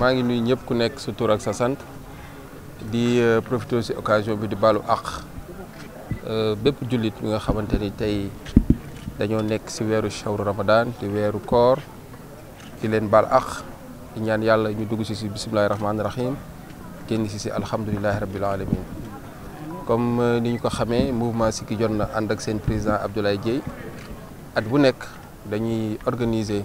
maa ngi nuyu ñëpp ku nekk sa tour ak sa sant di euh, profité si occasion bi di balu ak euh, bépp jullit bi nga xamante ni tey dañoo nekk si weeru shawru ramadan di weeru koor di leen bal ak di ñaan yàlla ñu dugg si si bisimilahi rahmaani rahim génn si si alhamdulilahi rabil alamin comme euh, ni ñu ko xamee mouvement Sikki Jotna ànd ak seen président Abdoulaye Dieye at bu nekk dañuy organiser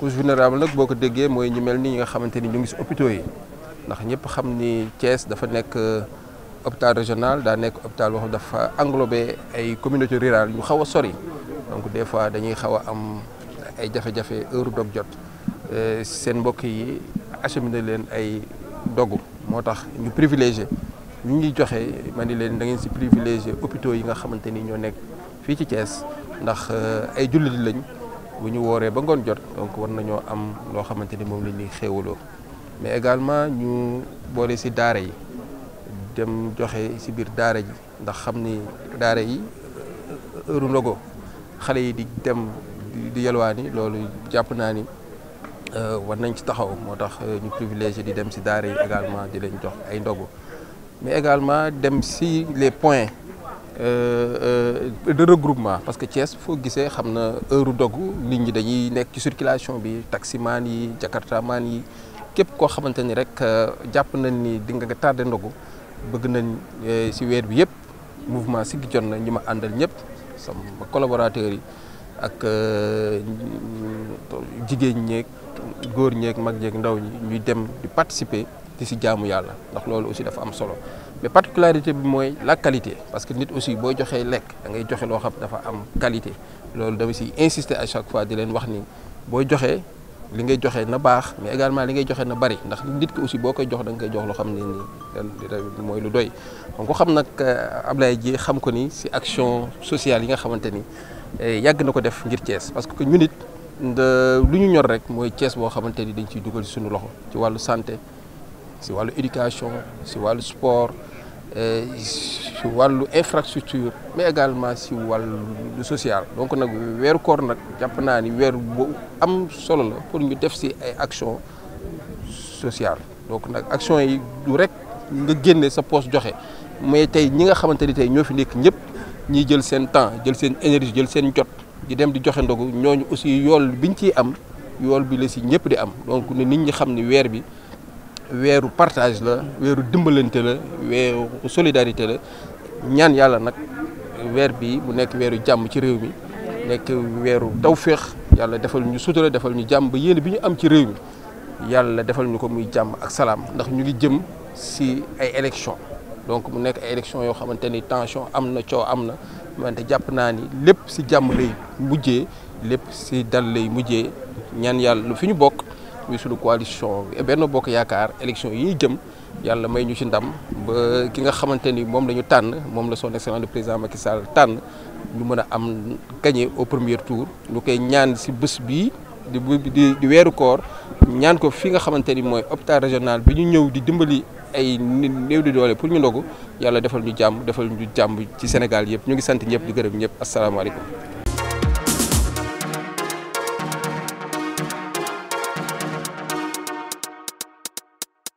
couche vulnérable nag boo ko déggee mooy ñu mel ni ñi nga xamante ni ñu ngi si hôpitaux yi ndax ñëpp xam ni Thiès dafa nekk euh, hôpital régional daa nekk hôpital boo xam dafa englobé ay communauté rurale yu xaw a sori donc des fois dañuy xaw a am ay jafe-jafe heure dog jot euh, seen mbokk yi acheminé leen ay dogu moo tax ñu privilégié ñu ngi joxe ma ni leen da ngeen si privilégié hôpitaux yi nga xamante ni ñoo nekk fii ci Thiès ndax euh, ay jullit lañ bu ñu wooree ba ngoon jot donc war nañoo am loo xamante ni moom la ñuy xéewaloo mais également ñu boole si daara yi dem joxe si biir daara ji ndax xam ni daara yi heure ndogo xale yi di dem di yalwaani loolu jàpp naa ni euh, war nañ ci taxaw moo tax euh, ñu privilégié di dem si daara yi également di lañ jox ay ndogu mais également dem si les points Euh, euh, de regroupement parce que Thiès foo gisee xam na heure dog nit ñi dañuy nek ci circulation bi taximaan yi jakartamaan yi képp ko xamante rek euh, japp nañ ni di nga tardé ndogu bëgg nañ euh, ci weer bi yépp mouvement Siggi Jotna ñi ma andal ñëpp sama collaborateur yi ak jigéen ñeeg góor ñeeg mag ñeeg ndaw ñi ñuy dem di participer di si jaamu yàlla ndax loolu aussi dafa am solo mais particularité bi mooy la qualité parce que nit aussi booy joxee lekk da ngay joxe loo xam dafa am qualité loolu dama si insister à chaque fois di leen wax ni booy joxee li ngay joxe na baax mais également li ngay joxe na bari ndax nit ki aussi boo koy jox da nga koy jox loo xam ne nii mooy lu doy kon ko xam nag euh, Ablaye ji xam ko ni si action sociale yi nga xamante ni eh, yàgg na ko def ngir Thiès parce que ñun it lu ñu ñor rek mooy Thiès boo xamante ni dañ ciy dugal suñu loxo ci wàllu santé ci walu éducation ci walu sport ci euh, walu infrastructure mais également si wàllu social donc nag weeru koor nag jàpp naa ni weer bu am solo la pour ñu def si ay action sociale donc nag action yi du rek nga génne sa poche joxe mais tey ñi nga xamante ni tey ñoo fi nekk ñëpp ñiy jël seen temps jël seen énergie jël seen jot di dem di joxe ndogu ñooñu aussi yool biñ ciy am yool bi la si ñëpp di am donc ne nit ñi xam ni weer bi weeru partage la weeru dimbalante la weeru solidarité la ñaan yalla nak weer bi mu nek weeru jamm ci réew mi nek weeru tawfiq yalla defal ñu sutura defal ñu jamm ba bi ñu am ci réew mi yalla defal ñu ko muy jamm ak salam ndax ñu ngi jëm ci ay élections donc mu nek ay élections yoo xamante tension am na coow am na wante jàpp ni lépp ci jamm lay mujjé lépp ci dal lay mujjé ñaan yalla lu fiñu bokk muy sunu coalition benn Bokk Yaakaar élection yi jëm yàlla may ñu ci ndam ba ki nga xamante ni moom la ñu tànn moom la son excellent le président Macky Sall tànn ñu mën a am gagné au premier tour ñu koy ñaan ci bés bii di di di weeru koor ñaan ko fi nga xamante ni mooy hôpital régional bi ñu ñëw di dimbali ay néew di doole pour ñu ndogu yàlla defal ñu jàmm defal ñu jàmm ci Sénégal yëpp ñu ngi sant ñëpp di gërëm ñëpp asalaamaaleykum